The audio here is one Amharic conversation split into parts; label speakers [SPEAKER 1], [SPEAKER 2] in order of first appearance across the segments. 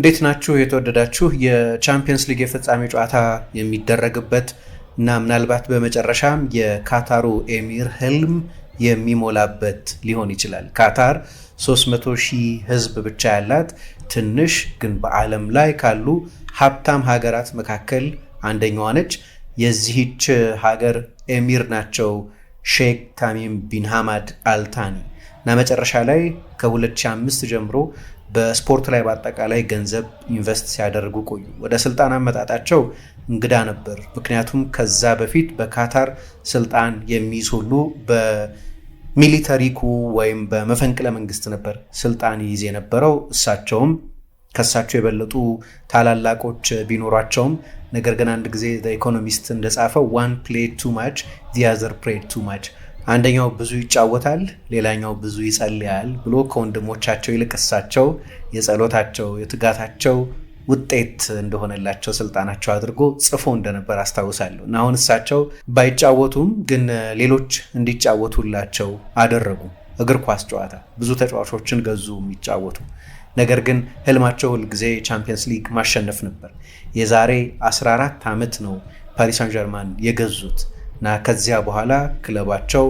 [SPEAKER 1] እንዴት ናችሁ የተወደዳችሁ የቻምፒየንስ ሊግ የፍጻሜ ጨዋታ የሚደረግበት እና ምናልባት በመጨረሻም የካታሩ ኤሚር ህልም የሚሞላበት ሊሆን ይችላል። ካታር 300 ሺህ ህዝብ ብቻ ያላት ትንሽ ግን በዓለም ላይ ካሉ ሀብታም ሀገራት መካከል አንደኛዋ ነች። የዚህች ሀገር ኤሚር ናቸው ሼክ ታሚም ቢን ሐማድ አልታኒ እና መጨረሻ ላይ ከ2005 ጀምሮ በስፖርት ላይ በአጠቃላይ ገንዘብ ኢንቨስት ሲያደርጉ ቆዩ። ወደ ስልጣን አመጣጣቸው እንግዳ ነበር። ምክንያቱም ከዛ በፊት በካታር ስልጣን የሚይዝ ሁሉ በሚሊተሪ ኩ ወይም በመፈንቅለ መንግስት ነበር ስልጣን ይይዝ የነበረው። እሳቸውም ከሳቸው የበለጡ ታላላቆች ቢኖሯቸውም ነገር ግን አንድ ጊዜ ኢኮኖሚስት እንደጻፈው ዋን ፕሌ ቱ ማች ዚ አዘር ቱ ማች አንደኛው ብዙ ይጫወታል፣ ሌላኛው ብዙ ይጸልያል ብሎ ከወንድሞቻቸው ይልቅ እሳቸው የጸሎታቸው የትጋታቸው ውጤት እንደሆነላቸው ስልጣናቸው አድርጎ ጽፎ እንደነበር አስታውሳለሁ። እና አሁን እሳቸው ባይጫወቱም ግን ሌሎች እንዲጫወቱላቸው አደረጉ። እግር ኳስ ጨዋታ ብዙ ተጫዋቾችን ገዙ የሚጫወቱ ነገር ግን ህልማቸው ሁልጊዜ ቻምፒየንስ ሊግ ማሸነፍ ነበር። የዛሬ 14 ዓመት ነው ፓሪስ ሳን ጀርማን የገዙት። እና ከዚያ በኋላ ክለባቸው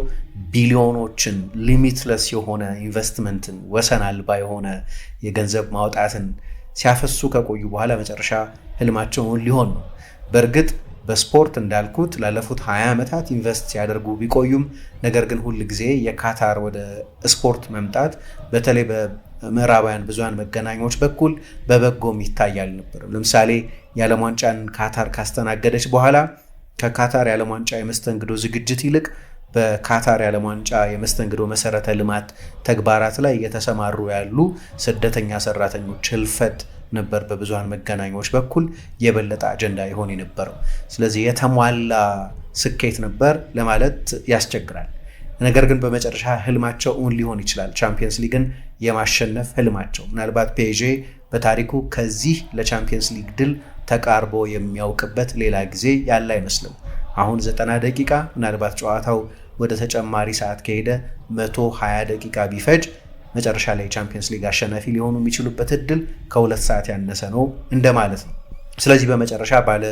[SPEAKER 1] ቢሊዮኖችን ሊሚትለስ የሆነ ኢንቨስትመንትን ወሰን አልባ የሆነ የገንዘብ ማውጣትን ሲያፈሱ ከቆዩ በኋላ መጨረሻ ህልማቸውን ሊሆን ነው። በእርግጥ በስፖርት እንዳልኩት ላለፉት 20 ዓመታት ኢንቨስት ሲያደርጉ ቢቆዩም ነገር ግን ሁል ጊዜ የካታር ወደ ስፖርት መምጣት በተለይ በምዕራባውያን ብዙሃን መገናኛዎች በኩል በበጎም ይታያል ነበር። ለምሳሌ የዓለም ዋንጫን ካታር ካስተናገደች በኋላ ከካታር የዓለም ዋንጫ የመስተንግዶ ዝግጅት ይልቅ በካታር የዓለም ዋንጫ የመስተንግዶ መሰረተ ልማት ተግባራት ላይ የተሰማሩ ያሉ ስደተኛ ሰራተኞች ህልፈት ነበር በብዙሃን መገናኛዎች በኩል የበለጠ አጀንዳ ይሆን የነበረው። ስለዚህ የተሟላ ስኬት ነበር ለማለት ያስቸግራል። ነገር ግን በመጨረሻ ህልማቸው እውን ሊሆን ይችላል። ቻምፒየንስ ሊግን የማሸነፍ ህልማቸው ምናልባት ፔዤ በታሪኩ ከዚህ ለቻምፒየንስ ሊግ ድል ተቃርቦ የሚያውቅበት ሌላ ጊዜ ያለ አይመስልም። አሁን 90 ደቂቃ ምናልባት ጨዋታው ወደ ተጨማሪ ሰዓት ከሄደ 120 ደቂቃ ቢፈጅ መጨረሻ ላይ ቻምፒየንስ ሊግ አሸናፊ ሊሆኑ የሚችሉበት እድል ከሁለት ሰዓት ያነሰ ነው እንደማለት ነው። ስለዚህ በመጨረሻ ባለ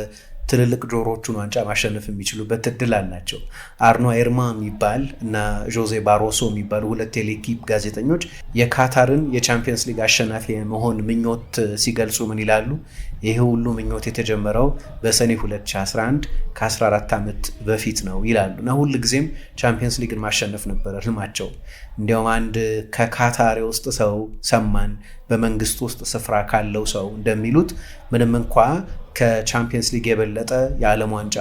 [SPEAKER 1] ትልልቅ ጆሮዎቹን ዋንጫ ማሸነፍ የሚችሉበት እድል አላቸው። አርኖ ኤርማ የሚባል እና ዦዜ ባሮሶ የሚባሉ ሁለት ቴሌኪፕ ጋዜጠኞች የካታርን የቻምፒየንስ ሊግ አሸናፊ የመሆን ምኞት ሲገልጹ ምን ይላሉ? ይህ ሁሉ ምኞት የተጀመረው በሰኔ 2011 ከ14 ዓመት በፊት ነው ይላሉ እና ሁል ጊዜም ቻምፒየንስ ሊግን ማሸነፍ ነበረ ህልማቸው። እንዲያውም አንድ ከካታር ውስጥ ሰው ሰማን በመንግስት ውስጥ ስፍራ ካለው ሰው እንደሚሉት ምንም እንኳ ከቻምፒየንስ ሊግ የበለጠ የዓለም ዋንጫ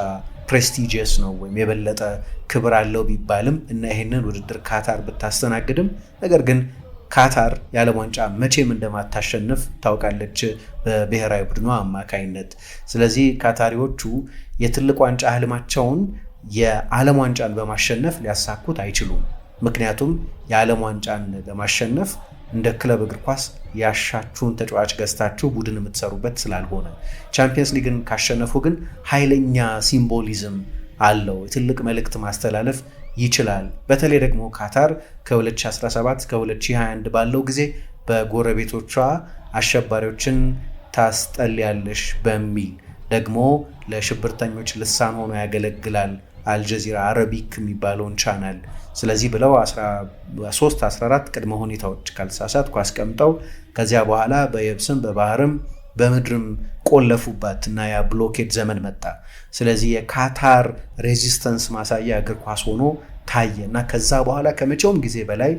[SPEAKER 1] ፕሬስቲጂየስ ነው ወይም የበለጠ ክብር አለው ቢባልም እና ይሄንን ውድድር ካታር ብታስተናግድም ነገር ግን ካታር የዓለም ዋንጫ መቼም እንደማታሸንፍ ታውቃለች በብሔራዊ ቡድኗ አማካይነት። ስለዚህ ካታሪዎቹ የትልቅ ዋንጫ ህልማቸውን የዓለም ዋንጫን በማሸነፍ ሊያሳኩት አይችሉም። ምክንያቱም የዓለም ዋንጫን ለማሸነፍ እንደ ክለብ እግር ኳስ ያሻችሁን ተጫዋች ገዝታችሁ ቡድን የምትሰሩበት ስላልሆነ ቻምፒየንስ ሊግን ካሸነፉ ግን ኃይለኛ ሲምቦሊዝም አለው። ትልቅ መልእክት ማስተላለፍ ይችላል። በተለይ ደግሞ ካታር ከ2017 ከ2021 ባለው ጊዜ በጎረቤቶቿ አሸባሪዎችን ታስጠልያለሽ በሚል ደግሞ ለሽብርተኞች ልሳን ሆኖ ያገለግላል አልጀዚራ አረቢክ የሚባለውን ቻናል ስለዚህ ብለው 13 14 ቅድመ ሁኔታዎች ካልተሳሳትኩ አስቀምጠው ከዚያ በኋላ በየብስም በባህርም በምድርም ቆለፉባት እና ያ ብሎኬድ ዘመን መጣ። ስለዚህ የካታር ሬዚስተንስ ማሳያ እግር ኳስ ሆኖ ታየ እና ከዛ በኋላ ከመቼውም ጊዜ በላይ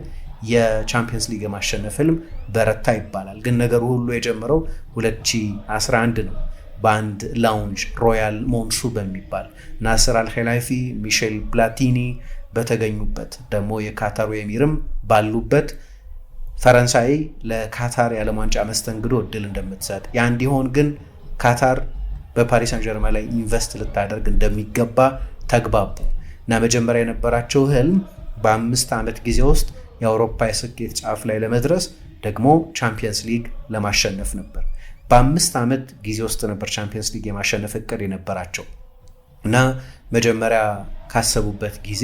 [SPEAKER 1] የቻምፒየንስ ሊግ የማሸነፍ ህልም በረታ ይባላል። ግን ነገሩ ሁሉ የጀመረው 2011 ነው። በአንድ ላውንጅ ሮያል ሞንሱ በሚባል ናስር አልኸላይፊ፣ ሚሼል ፕላቲኒ በተገኙበት ደግሞ የካታሩ ኤሚርም ባሉበት ፈረንሳይ ለካታር የዓለም ዋንጫ መስተንግዶ እድል እንደምትሰጥ ያ እንዲሆን ግን ካታር በፓሪስ ሳን ጀርማ ላይ ኢንቨስት ልታደርግ እንደሚገባ ተግባቡ እና መጀመሪያ የነበራቸው ህልም በአምስት ዓመት ጊዜ ውስጥ የአውሮፓ የስኬት ጫፍ ላይ ለመድረስ ደግሞ ቻምፒየንስ ሊግ ለማሸነፍ ነበር። በአምስት ዓመት ጊዜ ውስጥ ነበር ቻምፒየንስ ሊግ የማሸነፍ እቅድ የነበራቸው እና መጀመሪያ ካሰቡበት ጊዜ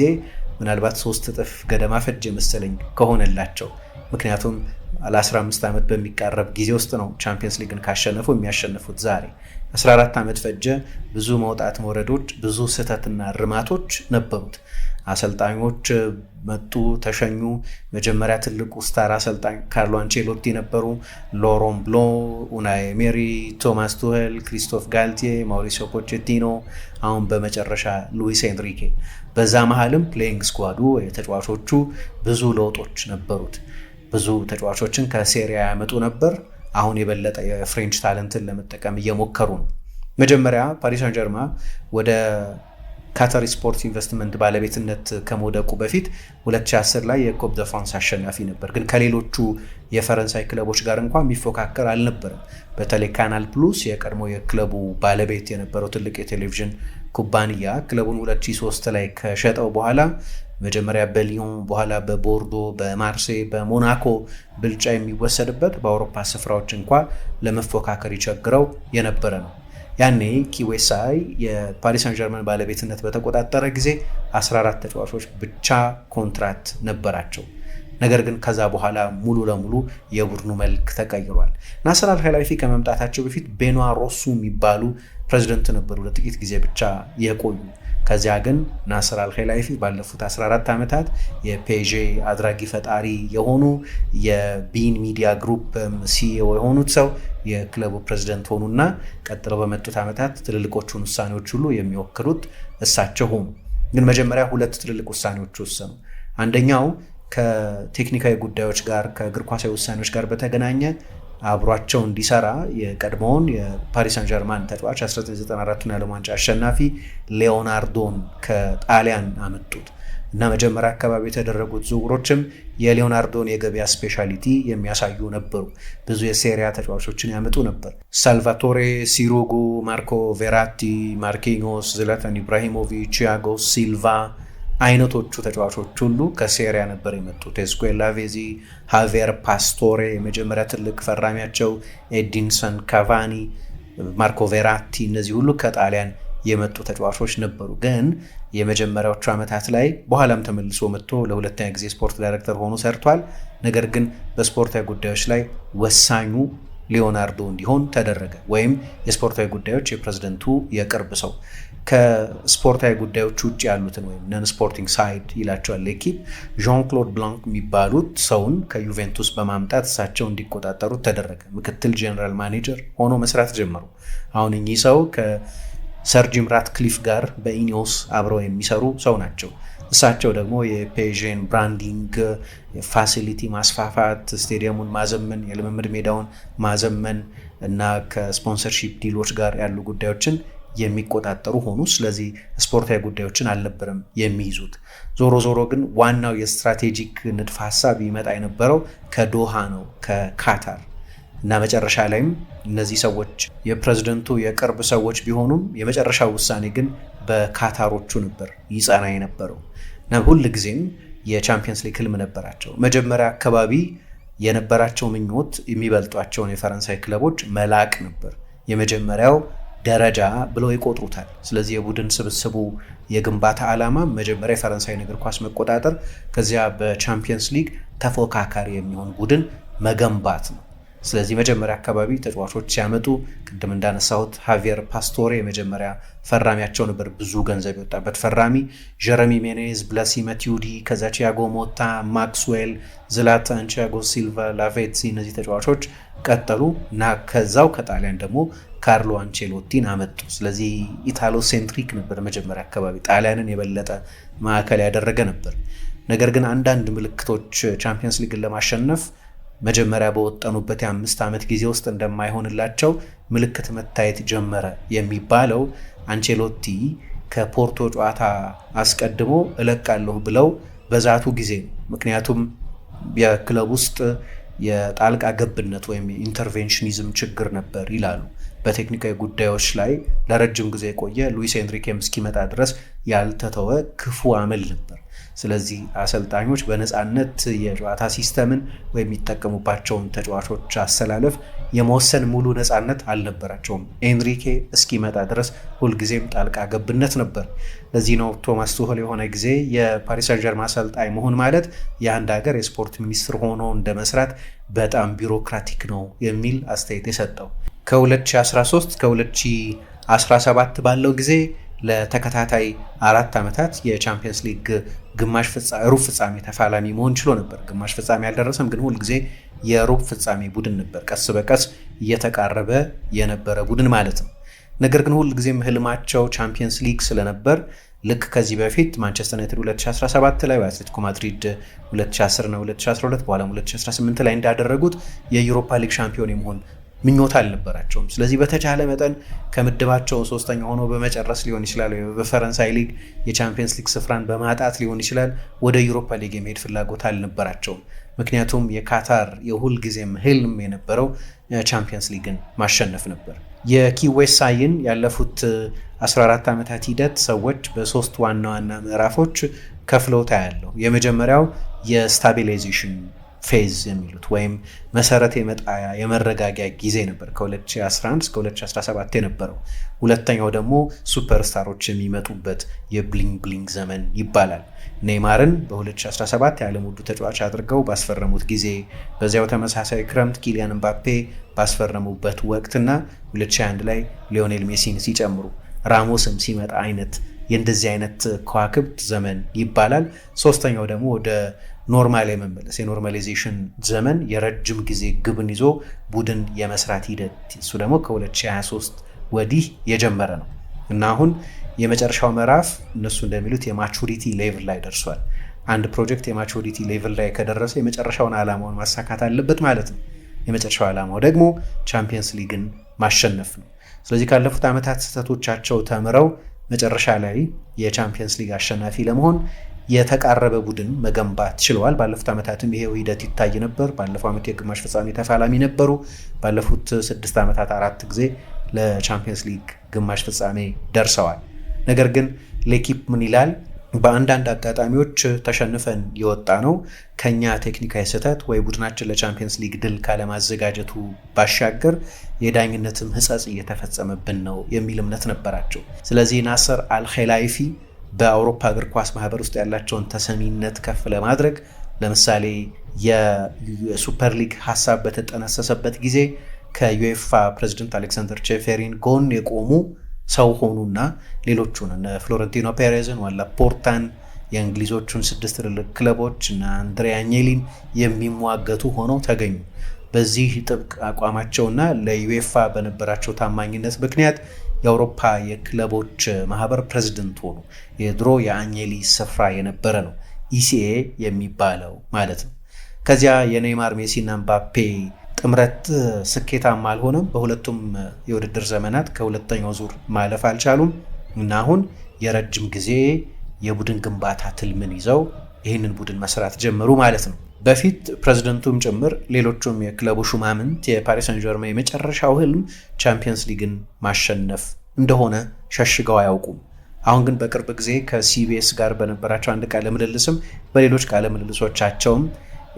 [SPEAKER 1] ምናልባት ሶስት እጥፍ ገደማ ፈጅ መሰለኝ ከሆነላቸው። ምክንያቱም ለ15 ዓመት በሚቃረብ ጊዜ ውስጥ ነው ቻምፒየንስ ሊግን ካሸነፉ የሚያሸንፉት ዛሬ 14 ዓመት ፈጀ። ብዙ መውጣት መውረዶች፣ ብዙ ስህተትና ርማቶች ነበሩት። አሰልጣኞች መጡ፣ ተሸኙ። መጀመሪያ ትልቁ ስታር አሰልጣኝ ካርሎ አንቼሎቲ ነበሩ። ሎሮን ብሎ፣ ኡናይ ሜሪ፣ ቶማስ ቱሄል፣ ክሪስቶፍ ጋልቴ፣ ማውሪሲዮ ፖቼቲኖ፣ አሁን በመጨረሻ ሉዊስ ኤንሪኬ። በዛ መሀልም ፕሌይንግ ስኳዱ የተጫዋቾቹ ብዙ ለውጦች ነበሩት። ብዙ ተጫዋቾችን ከሴሪያ ያመጡ ነበር። አሁን የበለጠ የፍሬንች ታለንትን ለመጠቀም እየሞከሩ ነው። መጀመሪያ ፓሪስ ሳን ጀርማ ወደ ካተሪ ስፖርት ኢንቨስትመንት ባለቤትነት ከመውደቁ በፊት 2010 ላይ የኮፕ ደ ፍራንስ አሸናፊ ነበር፣ ግን ከሌሎቹ የፈረንሳይ ክለቦች ጋር እንኳን የሚፎካከር አልነበረም። በተለይ ካናል ፕሉስ የቀድሞ የክለቡ ባለቤት የነበረው ትልቅ የቴሌቪዥን ኩባንያ ክለቡን 2003 ላይ ከሸጠው በኋላ መጀመሪያ በሊዮን በኋላ በቦርዶ በማርሴ በሞናኮ ብልጫ የሚወሰድበት በአውሮፓ ስፍራዎች እንኳ ለመፎካከር ይቸግረው የነበረ ነው። ያኔ ኪዌሳይ የፓሪስ ጀርመን ባለቤትነት በተቆጣጠረ ጊዜ 14 ተጫዋቾች ብቻ ኮንትራት ነበራቸው። ነገር ግን ከዛ በኋላ ሙሉ ለሙሉ የቡድኑ መልክ ተቀይሯል። ናስር አል ከመምጣታቸው በፊት ቤኗ ሮሱ የሚባሉ ፕሬዚደንት ነበሩ። ለጥቂት ጊዜ ብቻ የቆዩ ከዚያ ግን ናስር አልኸላይፊ ባለፉት 14 ዓመታት የፔዤ አድራጊ ፈጣሪ የሆኑ የቢን ሚዲያ ግሩፕ ሲኢኦ የሆኑት ሰው የክለቡ ፕሬዚደንት ሆኑና ቀጥለው በመጡት ዓመታት ትልልቆቹን ውሳኔዎች ሁሉ የሚወክሉት እሳቸው ሆኑ። ግን መጀመሪያ ሁለት ትልልቅ ውሳኔዎች ወሰኑ። አንደኛው ከቴክኒካዊ ጉዳዮች ጋር ከእግር ኳሳዊ ውሳኔዎች ጋር በተገናኘ አብሯቸው እንዲሰራ የቀድሞውን የፓሪስ ሳን ጀርማን ተጫዋች 1994ቱን የዓለም ዋንጫ አሸናፊ ሌዮናርዶን ከጣሊያን አመጡት እና መጀመሪያ አካባቢ የተደረጉት ዝውውሮችም የሊዮናርዶን የገበያ ስፔሻሊቲ የሚያሳዩ ነበሩ። ብዙ የሴሪያ ተጫዋቾችን ያመጡ ነበር። ሳልቫቶሬ ሲሩጉ፣ ማርኮ ቬራቲ፣ ማርኪኞስ፣ ዝለተን ኢብራሂሞቪች፣ ቺያጎ ሲልቫ አይነቶቹ ተጫዋቾች ሁሉ ከሴሪያ ነበር የመጡት። ኤስኩዌላቬዚ፣ ሃቬር ፓስቶሬ የመጀመሪያ ትልቅ ፈራሚያቸው፣ ኤዲንሰን ካቫኒ፣ ማርኮ ቬራቲ እነዚህ ሁሉ ከጣሊያን የመጡ ተጫዋቾች ነበሩ። ግን የመጀመሪያዎቹ ዓመታት ላይ በኋላም ተመልሶ መጥቶ ለሁለተኛ ጊዜ ስፖርት ዳይሬክተር ሆኖ ሰርቷል። ነገር ግን በስፖርታዊ ጉዳዮች ላይ ወሳኙ ሊዮናርዶ እንዲሆን ተደረገ። ወይም የስፖርታዊ ጉዳዮች የፕሬዝደንቱ የቅርብ ሰው ከስፖርታዊ ጉዳዮች ውጭ ያሉትን ወይም ነን ስፖርቲንግ ሳይድ ይላቸዋል ሌኪፕ ዣን ክሎድ ብላንክ የሚባሉት ሰውን ከዩቬንቱስ በማምጣት እሳቸው እንዲቆጣጠሩት ተደረገ። ምክትል ጀኔራል ማኔጀር ሆኖ መስራት ጀመሩ። አሁን እኚህ ሰው ከሰር ጂም ራትክሊፍ ጋር በኢኒዮስ አብረው የሚሰሩ ሰው ናቸው። እሳቸው ደግሞ የፔዥን ብራንዲንግ፣ ፋሲሊቲ ማስፋፋት፣ ስቴዲየሙን ማዘመን፣ የልምምድ ሜዳውን ማዘመን እና ከስፖንሰርሺፕ ዲሎች ጋር ያሉ ጉዳዮችን የሚቆጣጠሩ ሆኑ። ስለዚህ ስፖርታዊ ጉዳዮችን አልነበረም የሚይዙት። ዞሮ ዞሮ ግን ዋናው የስትራቴጂክ ንድፍ ሀሳብ ይመጣ የነበረው ከዶሃ ነው ከካታር እና መጨረሻ ላይም እነዚህ ሰዎች የፕሬዝደንቱ የቅርብ ሰዎች ቢሆኑም የመጨረሻው ውሳኔ ግን በካታሮቹ ነበር ይጸና የነበረው እና ሁል ጊዜም የቻምፒየንስ ሊግ ህልም ነበራቸው። መጀመሪያ አካባቢ የነበራቸው ምኞት የሚበልጧቸውን የፈረንሳይ ክለቦች መላቅ ነበር። የመጀመሪያው ደረጃ ብለው ይቆጥሩታል። ስለዚህ የቡድን ስብስቡ የግንባታ ዓላማ መጀመሪያ የፈረንሳይ እግር ኳስ መቆጣጠር፣ ከዚያ በቻምፒየንስ ሊግ ተፎካካሪ የሚሆን ቡድን መገንባት ነው። ስለዚህ መጀመሪያ አካባቢ ተጫዋቾች ሲያመጡ ቅድም እንዳነሳሁት ሃቪየር ፓስቶሬ የመጀመሪያ ፈራሚያቸው ነበር፣ ብዙ ገንዘብ የወጣበት ፈራሚ። ጀረሚ ሜኔዝ፣ ብለሲ መቲዩዲ፣ ከዛ ቲያጎ ሞታ፣ ማክስዌል፣ ዝላታን፣ ቲያጎ ሲልቫ፣ ላቬትሲ እነዚህ ተጫዋቾች ቀጠሉ እና ከዛው ከጣሊያን ደግሞ ካርሎ አንቼሎቲን አመጡ። ስለዚህ ኢታሎ ሴንትሪክ ነበር መጀመሪያ አካባቢ፣ ጣሊያንን የበለጠ ማዕከል ያደረገ ነበር። ነገር ግን አንዳንድ ምልክቶች ቻምፒየንስ ሊግን ለማሸነፍ መጀመሪያ በወጠኑበት የአምስት ዓመት ጊዜ ውስጥ እንደማይሆንላቸው ምልክት መታየት ጀመረ የሚባለው አንቼሎቲ ከፖርቶ ጨዋታ አስቀድሞ እለቃለሁ ብለው በዛቱ ጊዜ ነው። ምክንያቱም የክለብ ውስጥ የጣልቃ ገብነት ወይም የኢንተርቬንሽኒዝም ችግር ነበር ይላሉ። በቴክኒካዊ ጉዳዮች ላይ ለረጅም ጊዜ የቆየ ሉዊስ ኤንሪኬም እስኪመጣ ድረስ ያልተተወ ክፉ አመል ነበር። ስለዚህ አሰልጣኞች በነፃነት የጨዋታ ሲስተምን ወይም የሚጠቀሙባቸውን ተጫዋቾች አሰላለፍ የመወሰን ሙሉ ነፃነት አልነበራቸውም። ኤንሪኬ እስኪመጣ ድረስ ሁልጊዜም ጣልቃ ገብነት ነበር። ለዚህ ነው ቶማስ ቱኸል የሆነ ጊዜ የፓሪስ ሳን ጀርማ አሰልጣኝ መሆን ማለት የአንድ ሀገር የስፖርት ሚኒስትር ሆኖ እንደመስራት በጣም ቢሮክራቲክ ነው የሚል አስተያየት የሰጠው። ከ2013 እስከ 2017 ባለው ጊዜ ለተከታታይ አራት ዓመታት የቻምፒየንስ ሊግ ግማሽ ሩብ ፍጻሜ ተፋላሚ መሆን ችሎ ነበር። ግማሽ ፍጻሜ አልደረሰም፣ ግን ሁልጊዜ ጊዜ የሩብ ፍጻሜ ቡድን ነበር። ቀስ በቀስ እየተቃረበ የነበረ ቡድን ማለት ነው። ነገር ግን ሁል ጊዜም ህልማቸው ቻምፒየንስ ሊግ ስለነበር ልክ ከዚህ በፊት ማንቸስተር ዩናይትድ 2017 ላይ በአትሌቲኮ ማድሪድ 2010 እና 2012 በኋላም 2018 ላይ እንዳደረጉት የዩሮፓ ሊግ ሻምፒዮን የመሆን ምኞት አልነበራቸውም። ስለዚህ በተቻለ መጠን ከምድባቸው ሶስተኛ ሆኖ በመጨረስ ሊሆን ይችላል፣ በፈረንሳይ ሊግ የቻምፒየንስ ሊግ ስፍራን በማጣት ሊሆን ይችላል፣ ወደ ዩሮፓ ሊግ የመሄድ ፍላጎት አልነበራቸውም። ምክንያቱም የካታር የሁል ጊዜም ህልም የነበረው ቻምፒየንስ ሊግን ማሸነፍ ነበር። የኪዌሳይን ያለፉት 14 ዓመታት ሂደት ሰዎች በሶስት ዋና ዋና ምዕራፎች ከፍለው ያለው የመጀመሪያው የስታቢላይዜሽን ፌዝ የሚሉት ወይም መሰረት የመጣያ የመረጋጊያ ጊዜ ነበር ከ2011 እስከ 2017 የነበረው። ሁለተኛው ደግሞ ሱፐርስታሮች የሚመጡበት የብሊንግ ብሊንግ ዘመን ይባላል። ኔይማርን በ2017 የዓለም ውዱ ተጫዋች አድርገው ባስፈረሙት ጊዜ፣ በዚያው ተመሳሳይ ክረምት ኪሊያን ምባፔ ባስፈረሙበት ወቅትና 2021 ላይ ሊዮኔል ሜሲን ሲጨምሩ ራሞስም ሲመጣ አይነት የእንደዚህ አይነት ከዋክብት ዘመን ይባላል። ሶስተኛው ደግሞ ወደ ኖርማል የመመለስ የኖርማሊዜሽን ዘመን የረጅም ጊዜ ግብን ይዞ ቡድን የመስራት ሂደት እሱ ደግሞ ከ2023 ወዲህ የጀመረ ነው እና አሁን የመጨረሻው ምዕራፍ እነሱ እንደሚሉት የማቹሪቲ ሌቭል ላይ ደርሷል። አንድ ፕሮጀክት የማቹሪቲ ሌቭል ላይ ከደረሰ የመጨረሻውን ዓላማውን ማሳካት አለበት ማለት ነው። የመጨረሻው ዓላማው ደግሞ ቻምፒየንስ ሊግን ማሸነፍ ነው። ስለዚህ ካለፉት ዓመታት ስህተቶቻቸው ተምረው መጨረሻ ላይ የቻምፒየንስ ሊግ አሸናፊ ለመሆን የተቃረበ ቡድን መገንባት ችለዋል። ባለፉት ዓመታትም ይሄው ሂደት ይታይ ነበር። ባለፈው ዓመት የግማሽ ፍጻሜ ተፋላሚ ነበሩ። ባለፉት ስድስት ዓመታት አራት ጊዜ ለቻምፒየንስ ሊግ ግማሽ ፍጻሜ ደርሰዋል። ነገር ግን ሌኪፕ ምን ይላል? በአንዳንድ አጋጣሚዎች ተሸንፈን የወጣ ነው ከኛ ቴክኒካዊ ስህተት ወይ ቡድናችን ለቻምፒየንስ ሊግ ድል ካለማዘጋጀቱ ባሻገር የዳኝነትም ሕጸጽ እየተፈጸመብን ነው የሚል እምነት ነበራቸው። ስለዚህ ናስር አልኸላይፊ በአውሮፓ እግር ኳስ ማህበር ውስጥ ያላቸውን ተሰሚነት ከፍ ለማድረግ ለምሳሌ የሱፐር ሊግ ሀሳብ በተጠነሰሰበት ጊዜ ከዩኤፋ ፕሬዚደንት አሌክሳንደር ቼፌሪን ጎን የቆሙ ሰው ሆኑና ሌሎቹን እነ ፍሎረንቲኖ ፔሬዝን ዋላ ፖርታን የእንግሊዞቹን ስድስት ትልልቅ ክለቦች እና አንድሬ አኘሊን የሚሟገቱ ሆነው ተገኙ። በዚህ ጥብቅ አቋማቸውና ለዩኤፋ በነበራቸው ታማኝነት ምክንያት የአውሮፓ የክለቦች ማህበር ፕሬዚደንት ሆኑ። የድሮ የአኘሊ ስፍራ የነበረ ነው፣ ኢሲኤ የሚባለው ማለት ነው። ከዚያ የኔይማር ሜሲና ምባፔ ጥምረት ስኬታማ አልሆነም። በሁለቱም የውድድር ዘመናት ከሁለተኛው ዙር ማለፍ አልቻሉም እና አሁን የረጅም ጊዜ የቡድን ግንባታ ትልምን ይዘው ይህንን ቡድን መስራት ጀመሩ ማለት ነው። በፊት ፕሬዝደንቱም ጭምር ሌሎቹም የክለቡ ሹማምንት የፓሪስ ሰን ጀርማ የመጨረሻው ህልም ቻምፒየንስ ሊግን ማሸነፍ እንደሆነ ሸሽገው አያውቁም። አሁን ግን በቅርብ ጊዜ ከሲቢኤስ ጋር በነበራቸው አንድ ቃለ ምልልስም በሌሎች ቃለ ምልልሶቻቸውም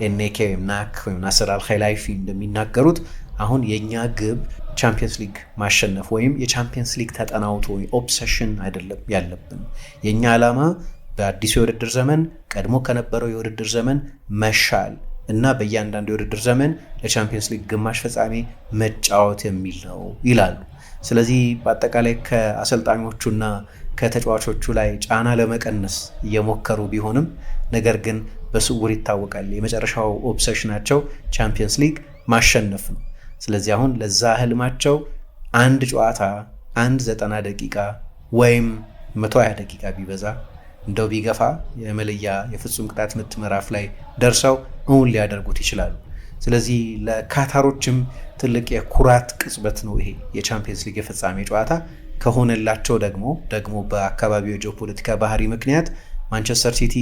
[SPEAKER 1] ኤኔኬ ወይም ናክ ወይም ናስር አልኸላይፊ እንደሚናገሩት አሁን የእኛ ግብ ቻምፒየንስ ሊግ ማሸነፍ ወይም የቻምፒየንስ ሊግ ተጠናውቶ ኦብሰሽን አይደለም ያለብን የእኛ ዓላማ በአዲሱ የውድድር ዘመን ቀድሞ ከነበረው የውድድር ዘመን መሻል እና በእያንዳንዱ የውድድር ዘመን ለቻምፒየንስ ሊግ ግማሽ ፍጻሜ መጫወት የሚል ነው ይላሉ። ስለዚህ በአጠቃላይ ከአሰልጣኞቹና ከተጫዋቾቹ ላይ ጫና ለመቀነስ እየሞከሩ ቢሆንም ነገር ግን በስውር ይታወቃል። የመጨረሻው ኦብሰሽናቸው ቻምፒየንስ ሊግ ማሸነፍ ነው። ስለዚህ አሁን ለዛ ህልማቸው አንድ ጨዋታ አንድ ዘጠና ደቂቃ ወይም 120 ደቂቃ ቢበዛ እንደው ቢገፋ የመለያ የፍጹም ቅጣት ምት ምዕራፍ ላይ ደርሰው እውን ሊያደርጉት ይችላሉ። ስለዚህ ለካታሮችም ትልቅ የኩራት ቅጽበት ነው ይሄ የቻምፒየንስ ሊግ የፍጻሜ ጨዋታ ከሆነላቸው ደግሞ ደግሞ በአካባቢው የጂኦፖለቲካ ባህሪ ምክንያት ማንቸስተር ሲቲ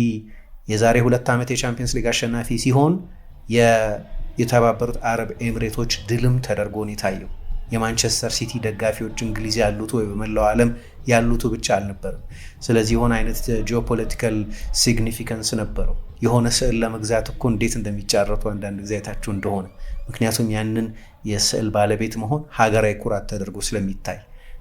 [SPEAKER 1] የዛሬ ሁለት ዓመት የቻምፒየንስ ሊግ አሸናፊ ሲሆን የተባበሩት አረብ ኤሚሬቶች ድልም ተደርጎ ነው የታየው። የማንቸስተር ሲቲ ደጋፊዎች እንግሊዝ ያሉት ወይ በመላው ዓለም ያሉት ብቻ አልነበርም። ስለዚህ የሆነ አይነት ጂኦፖለቲካል ሲግኒፊካንስ ነበረው። የሆነ ስዕል ለመግዛት እኮ እንዴት እንደሚጫረቱ አንዳንድ ጊዜ አይታችሁ እንደሆነ ምክንያቱም ያንን የስዕል ባለቤት መሆን ሀገራዊ ኩራት ተደርጎ ስለሚታይ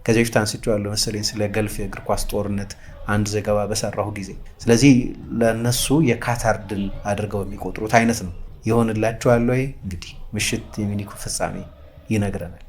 [SPEAKER 1] ከዚህ በፊት አንስቼዋለሁ መሰለኝ ስለ ገልፍ የእግር ኳስ ጦርነት አንድ ዘገባ በሰራሁ ጊዜ። ስለዚህ ለእነሱ የካታር ድል አድርገው የሚቆጥሩት አይነት ነው። ይሆንላቸዋል ወይ? እንግዲህ ምሽት የሚኒኩ ፍጻሜ ይነግረናል።